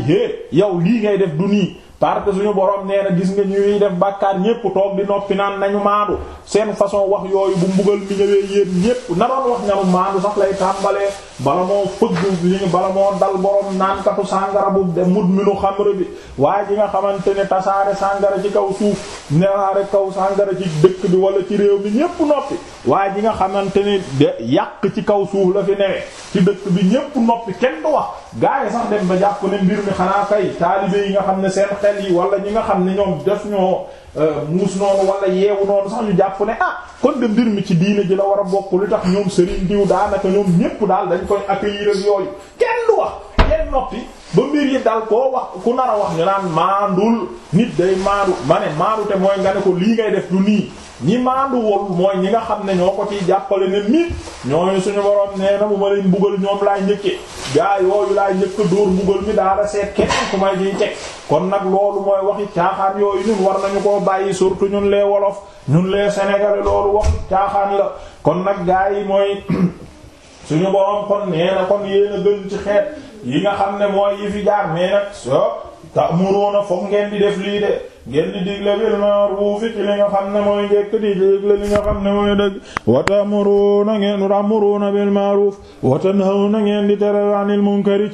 hé yow lii ngay def du nii parce que suñu borom nee gis nga ñuy def bàkkaar ñépp toog di noppi naan nañu maandu seen façon wax yooyu bu mbugal mi ñëwee yéen ñépp naroon wax ñanu maandu sax lay tàmbalee bala moo fëgg li ñu bala moo dal borom naankatu sàngara bu de mut minu xamre bi waaye ji nga xamante ne tasaare sàngara ci kaw suuf newaare kaw sàngara ci dëkk bi wala ci réew mi ñépp noppi waaye ji nga xamante ni yàq ci kaw suuf la fi newee ci dëkk bi ñépp noppi kenn du wax gaay sax dem ba jàpp ne mbir mi xanaa kay taalibe yi nga xam ne seen xel yi wala ñi nga xam ne ñoom def ñoo Euh, muus noonu wala yeewu noonu sax ñu jàpp ne ah kon de mbir mi ci diine ji la war a bokk lu tax ñoom Serigne diw daanaka ñoom ñépp daal dañ koy accueillir ak yooyu kenn du wax kenn noppi ba mbir yi dal koo wax ku nar a wax ñu naan maandul nit day maandu ma ne maandu mooy nga ne ko lii ngay def du nii ñi maanduwul mooy ñi nga xam ne ñoo ko ciy jàppale ne nit ñooñu suñu borom nee na bu ma leen mbugal ñoom laay njëkkee gaa yooyu laay njëkk dóor mbugal mi daala seet keneen ku may jiy teg kon nag loolu mooy waxi caaxaan yooyu ñun war nañu koo bàyyi surtout ñun les wolof ñun les sénégalais loolu wax caaxaan la kon nag gaa yi mooy suñu borom kon nee na kon yéen a gën ci xeet yi nga xam ne mooy yi fi jaar mais nag so ta muroona foog ngeen di def lii ngeen digle bil ma'ruf ci li nga xam ne mooy njekk di digle li nga xam ne mooy dëgg ngeen ta'muruna bil ma'ruf wa ci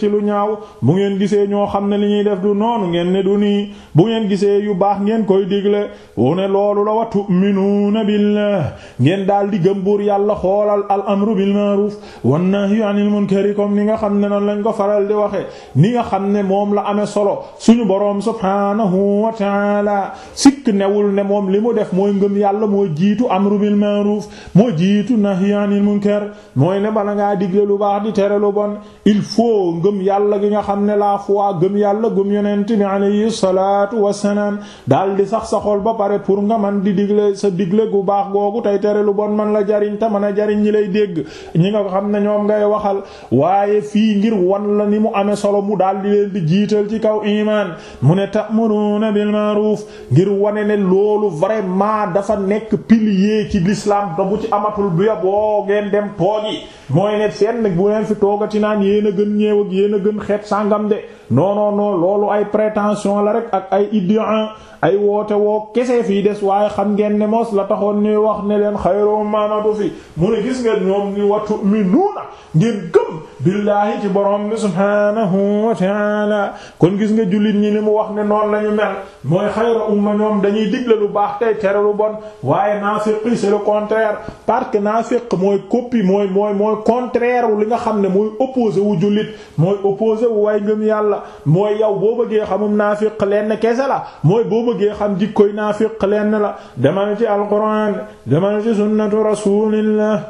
lu ñaaw bu ngeen gisee ñoo xam ne li ñuy def du noonu ngeen ne du nii ngeen gisee yu baax ngeen koy digle wu ne loolu la wa tu'minuna billah ngeen daal di gëm buur yàlla xoolal al amru bil ma'ruf wan nahyu 'anil munkari comme ni nga xam ne noonu lañ ko faral di waxe ni nga xam ne moom la amee solo suñu boroom subhanahu wa taala sikk newul ne moom li mu def mooy ngëm yàlla moo jiitu amru bil ma'ruf moo jiitu nahyi anil munkar mooy ne bala ngaa digle lu baax di tere lu bon il faut ngëm yàlla gi nga xam ne la foi gëm yàlla gëm yonent bi alayhi salaatu wassalaam daal di sax sa xol ba pare pour nga man di digle sa digle gu baax googu tey tere lu bon man la jariñ te man a jariñ ñi lay dégg ñi nga xam ne ñoom ngay waxal waaye fii ngir wan la ni mu amee solo mu daal di leen di jiital ci kaw iman mu ne ta'muruna bil ma'ruf ma'ruf ngir wane ne loolu vraiment dafa nekk pilier ci l'islam da bu ci amatul bu yaboo ngeen dem toogi mooy ne seen nag bu leen fi toogati naan yéen a gën ñeew ak yéen a gën xeet sàngam de non non non loolu ay prétention la rek ak ay idéen ay woote woo kese fii des waaye xam ngeen ne mos la taxoon ñuy wax ne leen xayru maanatu fi mu ne gis ngeen ñoom ni watu mi nuuna ngeen gëm billaahi ci borom bi subhaanahu wa ta'ala kon gis nga jullit ñi mu wax ne noonu la ñu mel mooy xayru umma ñoom dañuy digle lu baax tey tere lu bon waaye naafiq c'est le contraire parce que naafiq mooy copie mooy mooy mooy contraire wu li nga xam ne mooy opposé wu jullit mooy opposé wu way ngëm yàlla mooy yow boo bëggee xamum naafiq lenn kese la mooy boo bëggee xam jikkoy naafiq lenn la demal ci alquran demal ci sunnatu rasulillah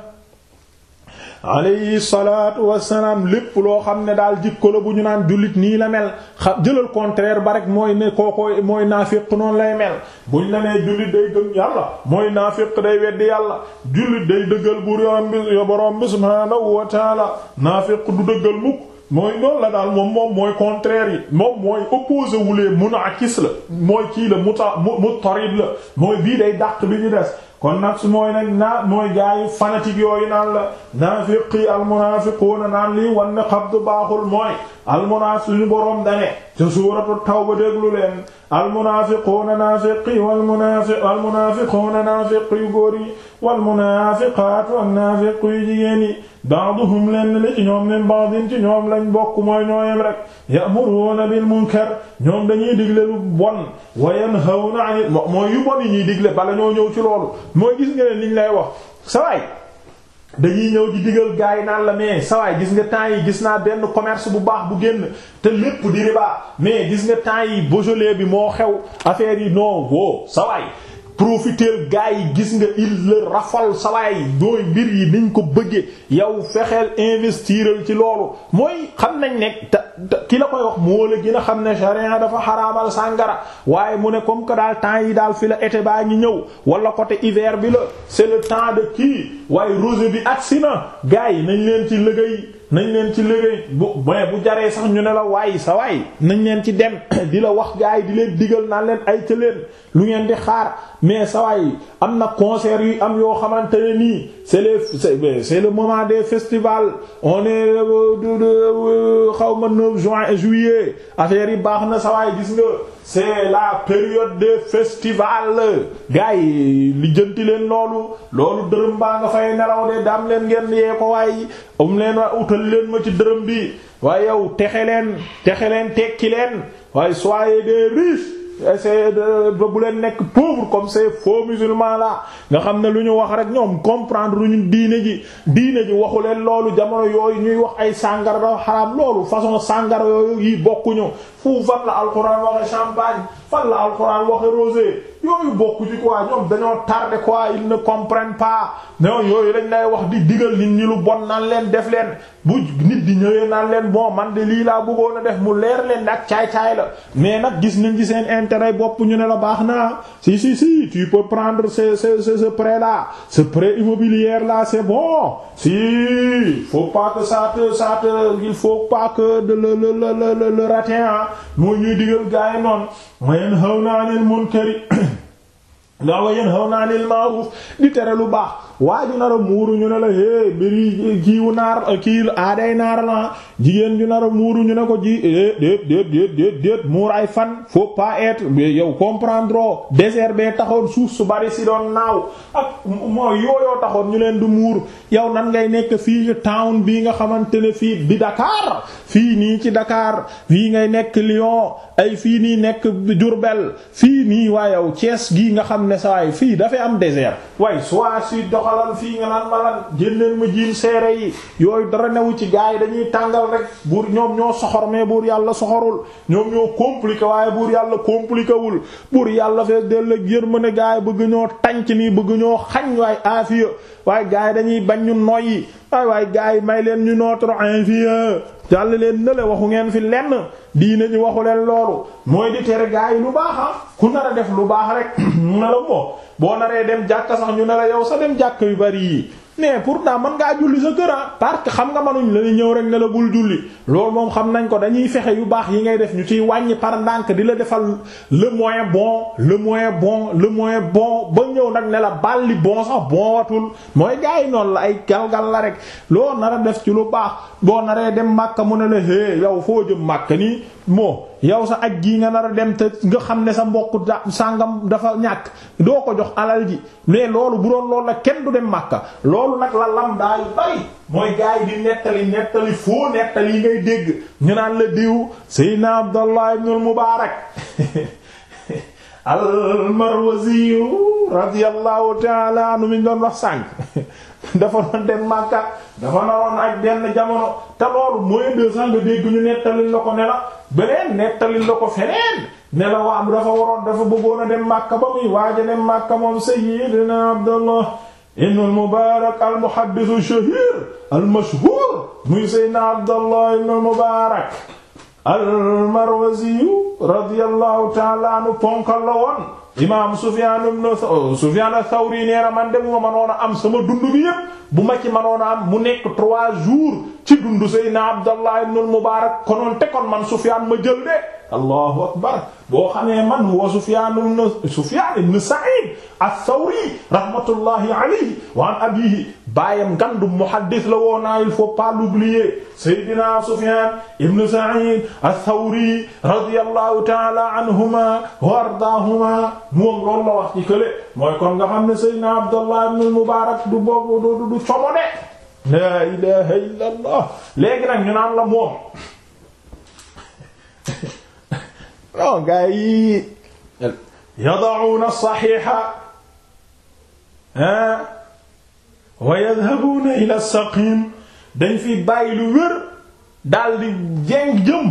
alayhi salaatu wassalaam lépp loo xam ne daal jikko la bu ñu naan jullit nii la mel jëlal contraire ba rek mooy ne kookooy mooy naafiq noonu lay mel buñ la nee jullit day gëm yàlla mooy naafiq day weddi yàlla jullit day dëggal bu yorom bi borom bi subhaanahu wa taala naafiq du dëggal mukk mooy noonu la daal moom moom mooy contraire yi moom mooy opposé wulee munaakis la mooy kii la muta mu mu la mooy bii day dàq bi ñu des kon nag su mooy nag naa mooy jaayu fanatique yooyu naan la naafiqi almunaafiquuna naan lii wan ne xabdu baaxul mooy almunaafiq suñu boroom dane ca suuratu tawba déglu leen almunaafiquuna naafiqi walmunaafiquuna naafiq yu góor yi walmunaafiqaatu ak naafiq yu jigéen yi ba'duhum leen li ci ñoom min ba'din ci ñoom lañ bokk mooy ñooyem rek ya'muruuna bil munkar ñoom dañuy digle lu bon wa yanhawna 'anil mooy yu bon yi ñuy digle bala ñoo ñëw ci loolu mooy gis nga ne liñ lay wax sawaay dañuy ñëw di digal gaay naan la mais sawaay gis nga temps yi gis naa benn commerce bu baax bu génn te lépp di riba mais gis nga temps yi Beaujolais bi moo xew affaire yi non woo sawaay profiteel gars yi gis nga il la rafal sawaay dooy mbir yi niñ ko bëggee yow fexeel investiral ci loolu mooy xam nañ ne te ki la koy wax moo la gën a xam ne charia dafa xaramal sàngara waaye mu ne comme que daal temps yi daal fi la été baa ngi ñëw wala côté hiver bi la c'est le temps de kii waaye rosée bi agsi na gars yi nañ leen ci liggéey nañ leen ci liggéey bu mais bu jaree sax ñu ne la waay sa waay nañ leen ci dem di la wax gaay di leen digal naa leen ay ca leen lu ngeen di xaar mais sa waay am na concert yu am yoo xamante ne nii c'est les c'est le moment des festivals on est euh, euh, xaw ma 9 juin et juillet affaire yi baax na sa waay gis nga c'est la période des festivals gars yi li jënti leen loolu loolu dërëm baa nga fay nelaw de daam leen ngeen yee ko waay um leen wa wutal leen ma ci dërëm bi waaye yow texe leen texe leen tekki leen waaye soyez des riches essayez bu leen nekk pauvre comme ces faux musulmans là nga xam ne lu ñu wax rek ñoom comprendre lu ñu diine ji diine ji waxu leen loolu jamono yooyu ñuy wax ay sàngara dafa xaraam loolu façon sàngara yooyu yi bokkuñu fu fan la alxuraan waxe champagne fan la alxuraan waxe rosé yooyu bokku ci quoi ñoom dañoo tardé quoi ils ne comprennent pas non yooyu dañ lay wax di digal nit ñi lu bon naan leen def leen bu nit di ñëwee naan leen bon man de lii laa bëggoon a def mu leer leen ak caay-caay la mais nag gis nañ ci seen intérêt bopp ñu ne la baax na si si si tu peux prendre ce ce ce prêt la ce prêt immobilier là c'est bon si faut pas que ça te il faut pas que moo ñuy digal gaa yi noonu wa yanhawna 'anil munkari la wa yanhawna 'anil ma'ruf di tere lu baax waa ju nar a muuru ñu ne la é biri kiiwu eh, naar eh, kii aaday naar la jigéen ju nar a muuru ñu ne ko ji eh, déet déet déet muur ay fan faut pas être yow comprendre désert bee taxoon suuf su bari si doon naaw ak mooy yooyoo taxoon ñu leen di muur yow nan ngay nekk fii town bii nga xamante ne fii bi Dakar fii nii ci Dakar fii ngay nekk Lyon ay fii nii nekk Diourbel fii nii waayow Thiès gii nga xam ne sawaay fii dafay am désert way soit si dox doxalal fii nga naan ma lan ma jiin seere yi yooyu dara newu ci gaa yi dañuy tàngal rek buur ñoom ñoo soxor mais buur yàlla soxorul ñoom ñoo compliqué waaye buur yàlla compliqué wul buur yàlla fees dell ak yërmande gaa yi bëgg ñoo tànc nii bëgg ñoo xañ waaye aafiya waaye gaa yi dañuy bañ ñu noyyi waay waaye gaa yi may leen ñu notre infia jàll leen ne waxu ngeen fi lenn diine ji waxu leen loolu mooy di tere gaa yi lu baax ah. ku nar a def lu baax rek na la boo naree dem jàkka sax ñu nela la yow sa dem jàkka yu bari yi pour pourtant mën ngaa julli sa kër ah parce que xam nga manuñ la ñëw rek ne la bul julli loolu moom xam nañ ko dañuy fexe yu baax yi ngay def ñu ciy wàññi par ndànk di la defal le moyen bon le moyen bon le moyen bon ba ñëw nag nela la balli bon sax bon watul mooy gars yi la ay galgal la rek loo nar a def ci lu baax boo naree dem màkka mu ne la hé yow foo jëm màkka nii moo yow sa aj gi nga nar a dem te nga xam ne sa mbokk da sàngam dafa ñàkk doo ko jox alal ji mais loolu bu doon loolu la kenn du dem Makka loolu nag la lam daa bari mooy gaay di nettali nettali foo nettali yi ngay dégg ñu naan la diw Seydina Abdallah ibnul Mubaarak al-Marwazi radiyallahu ta'ala anhu mi doon wax sànq dafa doon dem Makka dafa naroon ak benn jamono taloor loolu mooy deux cent nga dégg ñu la ko ne la beneen nettalil la feneen ne la waam dafa waroon dafa bëggoon a dem Makka ba muy waaja dem Makka moom sayyidina Abdallah ibn al-Mubarak al-muhaddith ash-shahir al imaam Sufyaan ibn oh, Sufyaan as-Sawri nee na man de bu ma mënoon a am sama dund bi yépp bu ma ci mënoon a am mu nekk trois jours ci dundu Seydina Abdallah ibn al-Mubarak konoon te kon man Sufyaan ma jël de allahu akbar boo xamee man wa Sufyaan ibn Sufyaan ibn Sa'iid ath-Thawri rahmatullahi alayhi wa an abiihi baayam ngandum muhaddis la woon naa ah, il faut pas l'oublier Seydina Sufyaan ibn Sa'iid ath-Thawri radiyallahu ta'ala anhuma wa ardaahuma moom loolu la wax ci kële mooy kon nga xam ne Seydina Abdallah ibn al-Mubarak du boobu du du du laa ilaha illa allah léegi nag ñu naan la moom non gaa yi yada'una saxiixa ah wa yadhabuna ila saqim dañ fi bàyyi lu wér daal di jéng jëm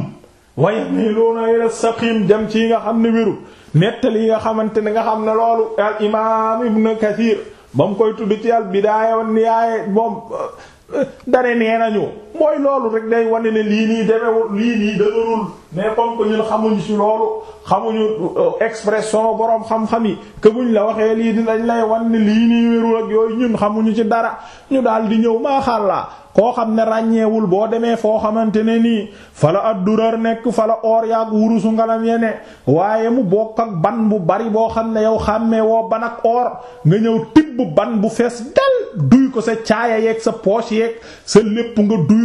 wa yamiluuna ila saqim jëm ci nga xam ne wéru nettali yi nga xamante ne nga xam ne loolu al imaam ibn kathir moom koy tudd ci al bidaaya wan nihaaya moom dare nee nañu mooy loolu rek day wane ne lii nii demewul lii nii dëgërul mais comme que ñun xamuñ ci loolu xamuñu euh, expression boroom xam-xam yi que la waxee lii di dañ lay wan lii nii wérul ak yooyu ñun xamuñu ci dara ñu daal di ñëw maaxàllaa koo xam ne ràññeewul boo demee foo xamante ne nii fala addurar nekk fala or yaag wurusu ngalam yene waaye mu bokk ak ban bu bari boo xam ne yow xàmmee woo ban ak or nga ñëw tibb ban bu fees dal duy ko sa caaya yeek sa poche yeeg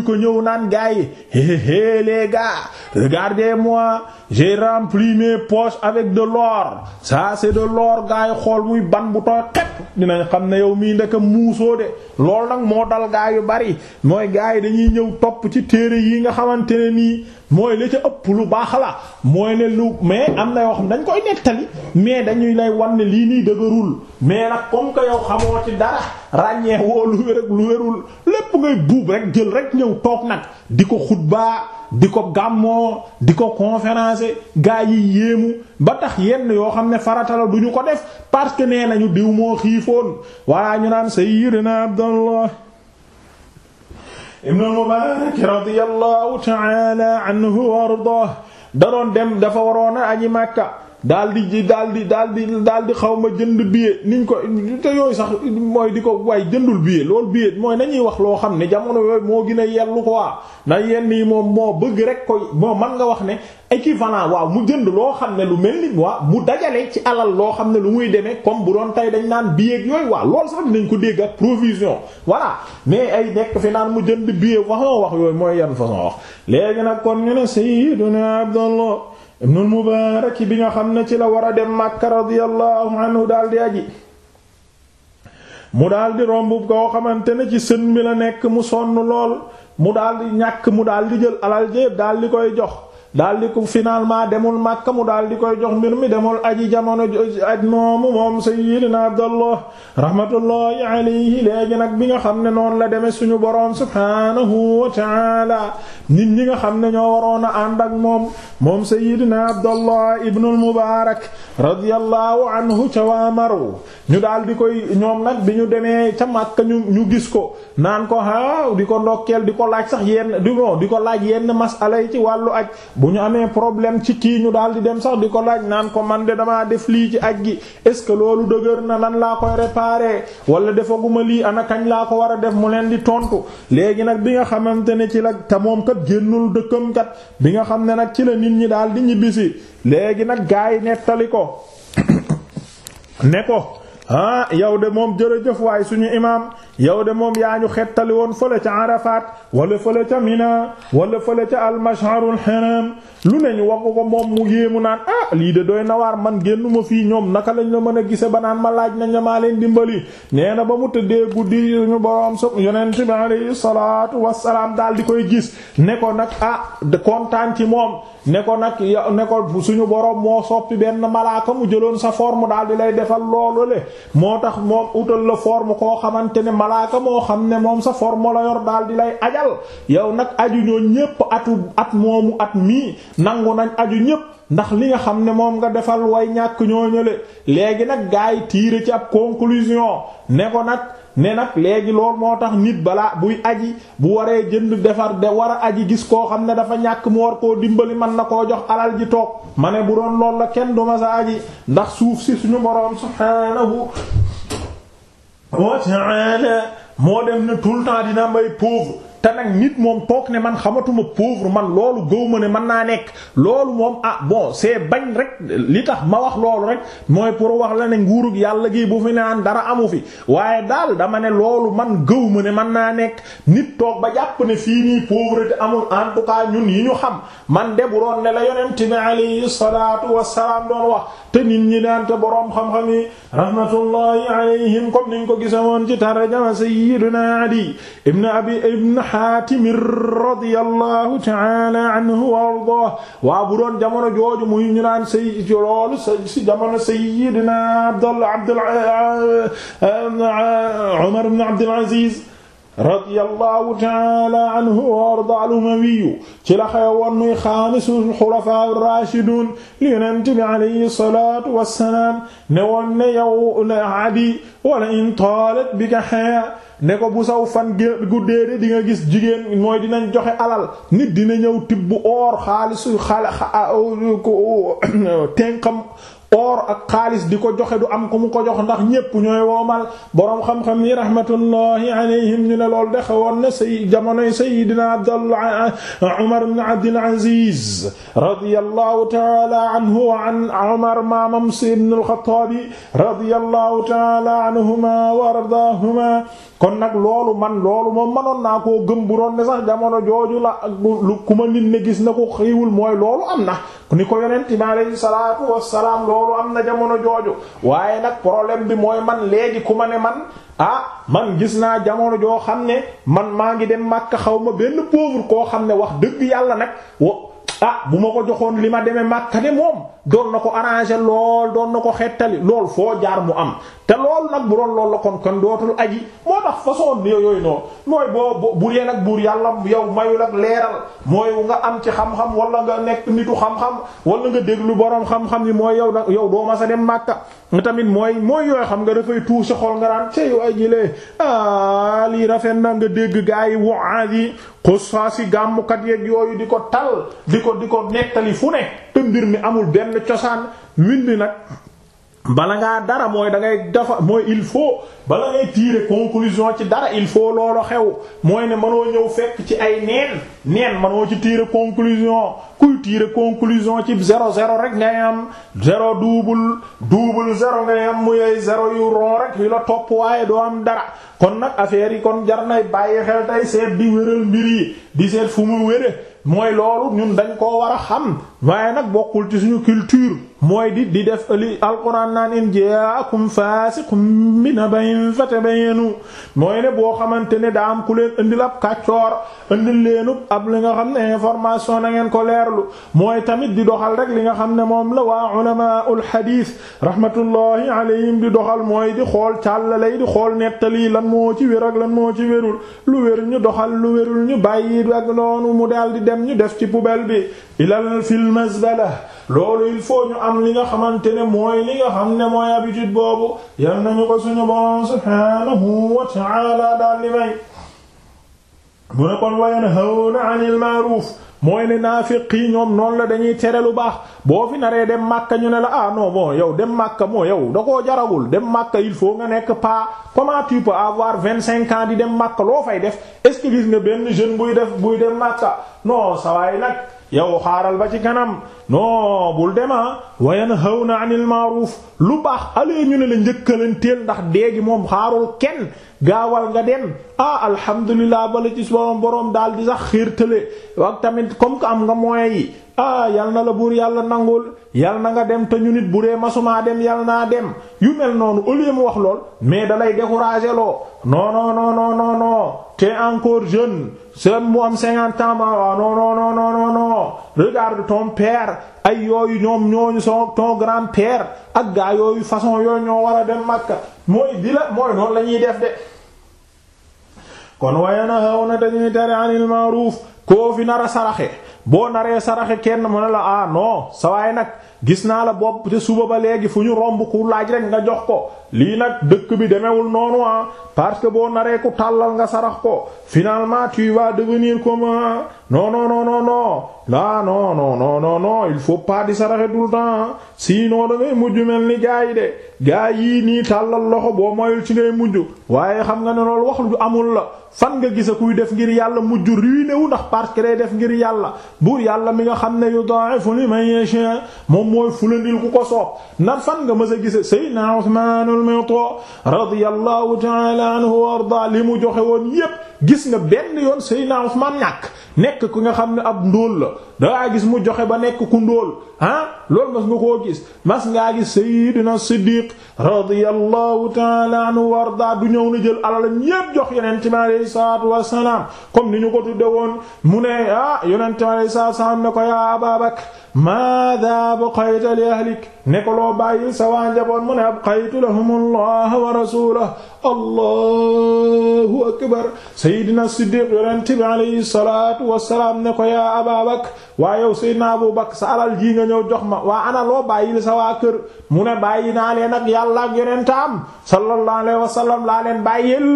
ko ñëw naan gars yi hé hé moi j'ai rempli mes poches avec de l'or ça c'est de l'or gars xool muy ban bu tooy xepp dinañ xam ne yow mii ndeke muusoo de lool nag moo dal gars yu bari mooy gars yi dañuy ñëw topp ci téere yi nga xamante ne nii mooy la ca ëpp lu baax la mooy ne lu mais am na yoo xam dañ koy nettali mais dañuy lay wan ne lii nii dëgërul mais nag comme que yow xamoo ci dara ràññee woo lu wér lu wérul lépp ngay buub rek jël rek ñëw toog nag di ko xutbaa di ko gàmmoo di ko conférence gaa yi yéemu ba tax yenn yoo xam ne farata la du ñu ko def parce que nee nañu diw moo xiifoon waa ñu naan sayyidina Abdallah ibn al-Mubarak radiyallahu anhu ardaah da doon dem dafa waroona aji Makka daal di ji daal di daal di daal di xaw ma jënd billet niñ ko te yooyu sax mooy di ko waaye jëndul billet loolu billet mooy nañuy wax loo xam ne jamono yooyu moo gën a yellu ko waa na yenn yi moom moo bëgg rek ko moo man nga wax ne équivalent waaw mu jënd loo xam ne lu mel ni waaw mu dajale ci alal loo xam ne lu muy demee comme bu doon tey dañ naan billet yooyu waaw loolu sax dinañ ko dégg ak provision voilà mais ay nekk fi naan mu jënd billet façon wax yooyu mooy yan façon wax ibnul mubaarak bi nga xam ne ci la war a dem Makka radiyallahu anhu di aji mu daldi romb koo xamante ne ci sën bi la nekk mu sonn lool mu daldi ñàkk mu di jël alal jéeb di koy jox daal di ko finalement demul Makka mu daal di koy jox mbir mi demul aji jamono aj moomu moom sa Abdallah rahmatullahi alayhi léegi nag bi nga xam ne noonu la demee suñu boroom subhanahu wa ta'ala nit ñi nga xam ne ñoo waroon a ànd ak moom moom sa Abdallah ibn al-Mubarak radiyallahu anhu ca waa Marw ñu daal di koy ñoom nag bi ñu demee ca Makka ñu ñu gis ko naan ko aaw di ko ndokkeel di ko laaj sax yenn di ko laaj yenn masala yi ci wàllu aj bu ñu amee problème ci kii ñu daal di dem sax di ko laaj naan ko man de damaa def lii ci aj gi est-ce que loolu dëgër na lan laa koy réparer wala defaguma lii ana kañ laa ko war a def mu leen di tontu léegi nag bi nga xamante ne ci la te moom kat génnul dëkkam kat bi nga xam ne nag ci la nit ñi daal di ñibbisi léegi nag gaa yi nettali ko ne ko ah yow de moom jërëjëf waay suñu imaam yow de moom yaa ñu xettali woon fële ca Arafat wala fële ca Mina wala fële ca al-Mash'arul lu ne ñu wax ko moom mu yéemu naan ah lii de doy nawaar man génnuma fii ñoom naka lañ la mën a gise ba naan ma laaj nañ la leen dimbali nee na ba mu tëddee guddi ñu boroom so yonent bi alayhi salaatu wassalaam daal di koy gis ne ko nag ah kontaan ci moom ne nag ne suñu boroom moo soppi benn malaaka mu jëloon sa forme daal di lay defal loolu moo tax moom utal la form koo xamante ne malaaka moo xam ne moom sa forme la yor daal di lay ajal yow nag aju ñoo ñépp atu at moomu at mii nangu nañ aju ñépp ndax li nga xam ne moom nga defal way ñàkk ñoo ñële léegi nag gaa tiire ci ab conclusion ne ko nag ne nag léegi loolu moo tax nit balaa buy aji bu waree jënd defar de war a aji gis koo xam ne dafa ñàkk mu war koo dimbali man na koo jox alal ji toog ma ne bu doon lool la kenn duma sa aji ndax suuf si suñu boroom subhaanahu wa ta'ala moo dem ne tout le temps dina may pauvre te nag nit moom toog ne man xamatuma pauvre man loolu góob ma ne mën naa nekk loolu moom ah bon see bañ rek li tax ma wax loolu rek mooy pour wax la ne nguurug yàlla gii bu fi naan dara amu fi waaye daal dama ne loolu man gëw ma ne mën naa nekk nit toog ba jàpp ne fii nii pauvreté amul en ñun yi ñu xam man de bu doon ne la yonent bi alayhi salaatu wassalaam doon wax te nit ñi daan te boroom xam-xam yi rahmatullahi alayhim comme niñ ko gisawoon ci tarjama sayyidina Adi ibn Abi ibn Haatim radiyallahu ta'ala anhu wa ardaah waa bu doon jamono jooju muy ñu naan say loolu si jamono sayyidina Abdallah Abdul uh, Umar ibn Abdul Aziz radiyallahu ta'ala anhu wa arda al-umawi ci la xewoon muy xaamisul xulafaa ar-raashidun li yonent bi alayhi salaatu wassalaam ne woon ne yow Adi wala in taalat bika hayaa ne ko bu saw fan guddee de di nga gis jigéen mooy dina joxe alal nit dina ñëw tibb or xaalisu xaal tenqam or ak xaalis di ko joxe du am ku mu ko jox ndax ñépp ñooy woomal boroom xam-xam yi rahmatullahi alayhim ñu ne loolu de xawoon na say jamonoy sayyidina Abdallah Umar ibn Abdul Aziz radiyallahu ta'ala anhu wa an Umar maamam ibn al-Khattab radiyallahu ta'ala anhuma wa ardaahuma kon nag loolu man loolu moom manoon naa koo gëm bu doon ne sax jamono jooju la ak ku ma nit ne gis na ko xiiwul mooy loolu am na ni ko yonent bi alayhi salaatu wassalaam loolu am na jamono jooju waaye nag problème bi mooy man léegi ku ma ne man ah man gis naa jamono joo xam ne man maa ngi dem Makka xaw ma benn pauvre koo xam ne wax dëgg yàlla nag wo ah bu ma ko joxoon li ma demee Makka de moom doon na ko arrangé lool doon na ko xettali lool foo jaar mu am te lool nag bu doon loolu la kon kon dootul aji moo tax façon yooyu noonu mooy boo bu dee nag buur yàlla yow mayul ak leeral mooy nga am ci xam-xam wala nga nekk nitu xam-xam wala nga déglu boroom xam-xam yi mooy yow nag yow doo ma sa dem Makka tamit mooy mooy yooyu xam nga dafay tuur sa xol nga daan cey waay jilee a ah, lii rafet na nga dégg gaa yi waaz yi xosfaa si gàmmukat yeeg yooyu di ko tal di ko di ko nettali fu ne te mbir mi amul benn cosaan wind nag bala ngaa dara mooy dangay dafa mooy il faut bala ngay tirer conclusion ci dara il faut loolu xew mooy ne mënoo ñëw fekk ci ay neen neen mënoo ci tirer conclusion kuy tirer conclusion ci zéro zéro rek ngay am zéro double double zéro ngay am muy ay zéro yu ron rek yu la topp waaye doo am dara kon nag affaire yi kon jar nay bàyyi xel tey seet di wéral mbir yi di seet fu mu wére mooy loolu ñun dañ koo war a xam waaye nag bokkul ci suñu culture mooy di di def li alquran naan in jaakum faasiqum bi nabain fatabayanu mooy ne boo xamante ne daa am ku leen indil ab kàccoor indil leenub ab li nga xam ne information na ngeen ko leerlu mooy tamit di doxal rek li nga xam ne moom la waa ulamaul hadith rahmatullahi alayhim di doxal mooy di xool càllalay di xool nettali lan moo ci wér ak lan moo ci wérul lu wer ñu doxal lu wérul ñu bàyyi ak noonu mu daal di dem ñu def ci poubelle bi ilal fil mazbala loolu il faut ñu am li nga xamante ne mooy li nga xam ne mooy habitude boobu yal nañu ko suñu borom subhaanahu wa ta'ala daal li may mu ne kon wayanhawna 'anil ma'ruf mooy ne naafiq yi ñoom noonu la dañuy tere lu baax boo fi naree dem Makka ñu ne la ah non bon yow dem Makka moo yow da koo jaragul dem Makka il faut nga nekk pas comment tu peux avoir vingt cinq ans di dem Makka loo fay def est-ce nga benn jeune buy def buy dem Makka non sa waay nag. yow xaaral ba ci kanam non bul dema ah. wa yanhawna anil ma'ruf lu baax alee ñu ne la njëkkalanteel ndax déegi moom xaarul kenn gaawal nga dem ah alhamdulillah bala ci borom borom daal di sax xiirtale ak tamit comme que am nga moyens yi ah yal na la buur yàlla nangul yal na nga dem te ñu nit bu dee masumaa dem yal naa dem yu mel noonu au lieu wax lool mais da lay découragé loo non non non non non encore jeune seen mu am cinquante ans ma non non non non regarde ton père ay yooyu ñoom ñooñu son ton grand père ak gaa yooyu façon yooyu ñoo war a dem Makka mooy di la mooy noonu la def de. kon waaye na xaw na dañuy tere anil ma'ruf koo fi nar a saraxe. boo naree saraxe kenn mu ne la ah non sa waay nag gis naa la bopp te suba ba léegi fu ñu romb ku laaj rek nga jox ko lii nag dëkk bi demewul noonu ah parce que boo naree ku tàllal nga sarax ko finalement tu vas devenir comme ah, non non non non non il faut pas di saraxe tout le temps sinon da mujj mel ni gaa yi de gaa yii nii tàllal loxo boo moyul ci ngay mujj waaye xam nga ne loolu wax lu amul la fan nga gisa kuy def ngir yàlla mujj ruiné wu ndax parce que day def ngir yàlla buur yàlla mi nga xam ne yudaa'ifu liman yashaa moom mooy fulandil ku ko soob nan fan nga mës a gise Seydina Usmaanul Mayta radiyallahu ta'ala anhu wa arda li mu joxe woon yépp gis nga benn yoon Seydina Usmaan ñàkk nekk ku nga xam ne ab ndóol la dangaa gis mu joxe ba nekk ku ndóol ah loolu mas nga koo gis mas ngaa gis sayyidina siddiq radiyallahu taala anhu warda du ñëw na jël alalam yépp jox yonente bi alayhi salaatu wassalaam comme ni ñu ko tudde woon mu ne ah yonente bi alayhi salaatu wassalaam ne ko yaa ababakar maada abqayta li ahlik ne ko loo bàyyi sa waa njaboot mu ne abqaytu lahum allah wa rasulahu allahu akbar sayyidina siddiq yonente bi alayhi salaatu wassalaam ne ko yaa ababakar waaye yow sayyidina abubakar sa alal ji nga ñëw jox ma waa ana loo bàyyil sa waa kër mu ne bàyyi naa leen ak yàlla ak yonentam sallallahu alayhi wa laa leen bàyyil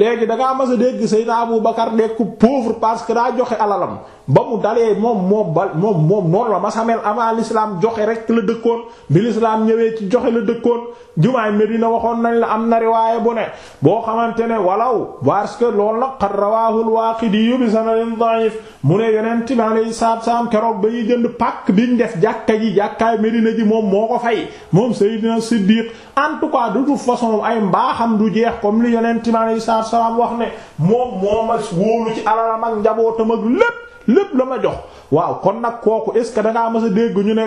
léegi da ngaa mas a dégg Seydina Abu Bakar nekk pauvre parce que daa joxe alalam ba mu dalee moom moom ba moom moom noonu la masamel avant l'islam joxe rek la dëkkoon bi l'islam ñëwee ci joxe la dëkkoon jumaay Medina waxoon nañ la am na riwaaya bu ne boo xamante ne walaw parce que loolu nag qad rawaahul Waaqidi bi sanadin da'if mu ne yonent bi alayhi salaatu keroog ba ñuy jënd pàkk biñ def jàkka ji jàkkaay Medina ji moom moo ko fay moom Seydina Siddiq en tout cas du toute façon ay mbaaxam du jeex comme li yonent bi alayhi salaatu salaam wax ne moom moo ci alalam ak njabootam ak lépp la ma jox waaw kon nag kooku est ce que da ngaa a dégg ñu ne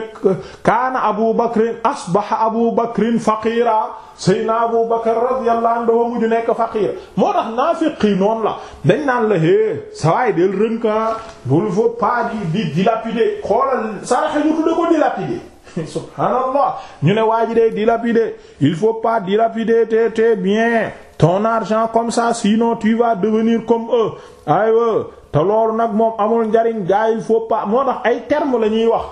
kaana abu bakrin asbaha abu bakrin faqiira sayna abu bakr radiyallahu anhu mu mujj nekk faqiir moo tax naafiq yi noonu la dañ naan la é sawaay del rënkan ah, bul faut pas di di dilapider xoolal saraxe ñu tudde ko dilapider subhanallah ñu ne waa ji dee dilapider il faut pas dilapider tes tes biens ton argent comme ça sinon tu vas devenir comme eux aywa te loolu nag moom amul njariñ gars yi faut moo tax ay termes la ñuy wax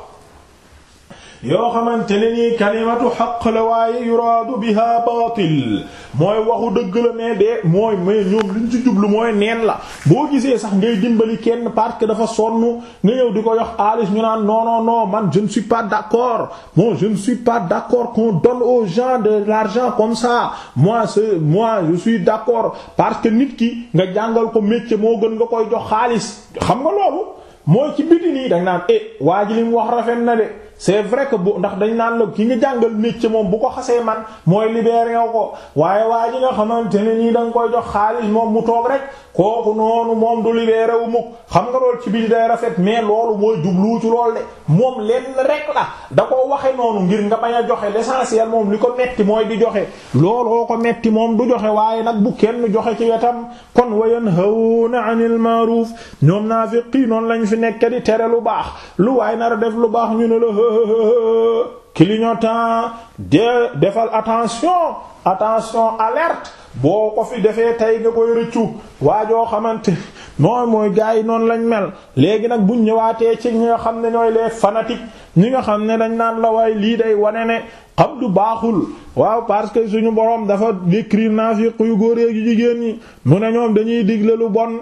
yoo xamante ne nii kalimatu xaq la waaye yuraadu biha baatil mooy waxu dëgg la mais de mooy mais ñoom liñ ci jublu mooy neen la boo gisee sax ngay dimbali kenn parce que dafa sonn nga ñëw di ko yox xaalis ñu naan non non non man je ne suis pas d'accord bon je ne suis pas d'accord qu'on de l'argent comme ça mois c'est moi je suis d'accord parce que nit ki nga jàngal ko métier moo gën nga koy jox xaalis xam nga loolu mooy ci biti nii danga naan eh waa ji wax rafet na de. c'est vrai que boo ndax dañ naan la ki nga jàngal métier moom bu ko xasee man mooy libéré nga ko waaye waa ji nga xamante ne nii da koy jox xaalis moom mu toog rek kooku noonu moom du libéré wu mukk xam nga loolu ci biir day rafet mais loolu mooy jublu ci lool de moom lenn rek la da ko waxe noonu ngir nga bañ a joxe l'essentiel moom li ko metti mooy di joxe looloo ko metti moom du joxe waaye nag bu kenn joxe ci wetam kon wayan hawna anil ma'ruf ñoom naa fi qii noonu lañ fi nekk di tere lu baax lu a def lu baax clignotant de defal attention attention alerte boo ko fi defee tey nga koy rëccu joo xamante mooy mooy gars yi noonu lañ mel léegi nag buñ ñëwaatee ci ñi nga xam ne ñooy les fanatiques ñi nga xam ne dañ naan la waaye lii day wane ne xam du baaxul waaw parce que suñu boroom dafa décrire naafiq yu góor yu jigéen ñi mu ne ñoom dañuy digle lu bon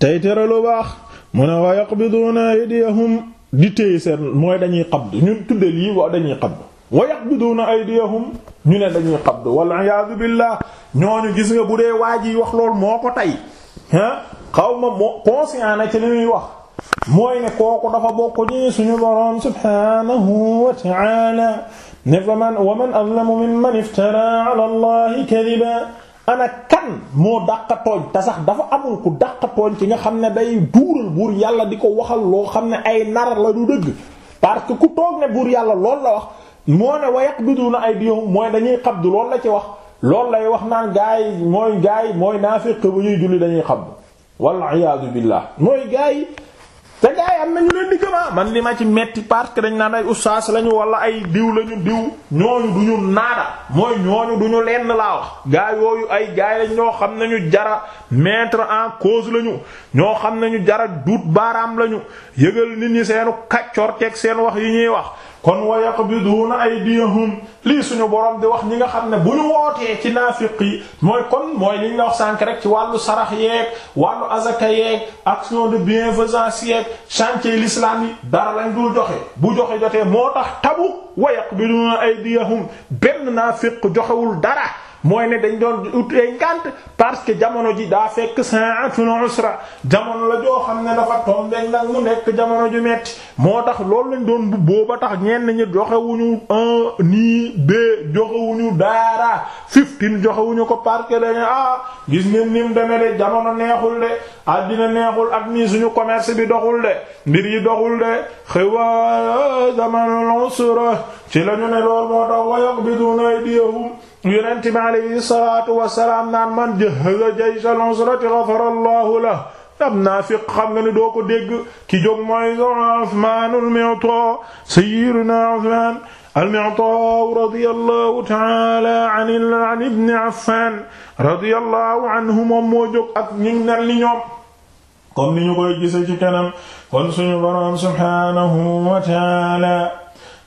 tey tere lu baax mu ne wa yaqbiduna aydiyahum di téye mooy dañuy xabdu ñun tudde lii wa dañuy xabdu wa yaqbiduuna aydiyahum ñu ne dañuy xabdu wal iyaadu billah ñooñu gis nga bu dee waa ji wax lool moo ko tey ah xaw ma moo conscient na ci li wax mooy ne kooku dafa bokk ci suñu boroom subhaanahu wa ta'aala ne fa man wa man kadiba ana kan moo dàq tooñ te sax dafa amul ku dàq tooñ ci nga xam ne day duural buur yàlla di ko waxal loo xam ne ay nar la du dëgg parce que ku toog ne buur yàlla lool la wax moo ne wa yaqbiduna aydihum mooy dañuy xabdu loolu la ci wax loolu lay wax naan gaay mooy gaay mooy naafiq bu ñuy julli dañuy xabdu wal iyaadu billah mooy gaay te gars yi am na leen di gëm ah, man li ma ci metti parce que dañ naan ay ustaas lañu wala ay diw lañu diw ñooñu du ñu naada mooy ñooñu duñu ñu lenn laa wax gaa yooyu ay gaa lañ ñoo xam nañu jara mettre en cause lañu ñoo xam nañu ñu jara duut baaraam lañu yëgal nit ñi seenu kàccoor teg seen wax yi ñuy wax. kon wa yaqbiduuna aydiyahum lii suñu borom di wax ñi nga xam ne bu ñu wootee ci naafiq mooy kon mooy li ñu la wax sànk rek ci wàllu sarax yeeg wàllu azaka yeeg action de bienfaisance yeeg chantier l'islam yi dara lañ dul joxe bu joxe jotee moo tax tabu wa yaqbiduuna aydiyahum benn naafiq joxewul dara mooy ne dañ doon ut ay ngànt parce que jamono ji daa fekk sa'atul usra jamono la joo xam ne dafa tombeek nag mu nekk jamono ju metti moo tax loolu lañ doon bu booba tax ñenn ñi joxewuñu un nii deux joxewuñu daara fifteen joxewuñu ko parce que dañu ah gis ngeen nim deme de jamono neexul de àddina neexul ak nii suñu commerce bi doxul de mbir yi doxul de xewa zamanul eh, usra ci lañu ne lool moo tax wayoq bi dunay diehum yonent bi alayhi salaatu wasalaam naan man jahaza jaysal usrati ghafara Allahu lahu am naa fiq xam nga ne doo ko dégg ki jóg mooy Usmaan al-Mu'taa sayyidunaa Usmaan al-Mu'taa radiyallahu ta'ala an ibn Affaan radiyallahu anhu moom moo jóg ak ñu mel ni ñoom comme ni ñu koy gise ci kanam kon suñu Boroom subhaanahu wa ta'ala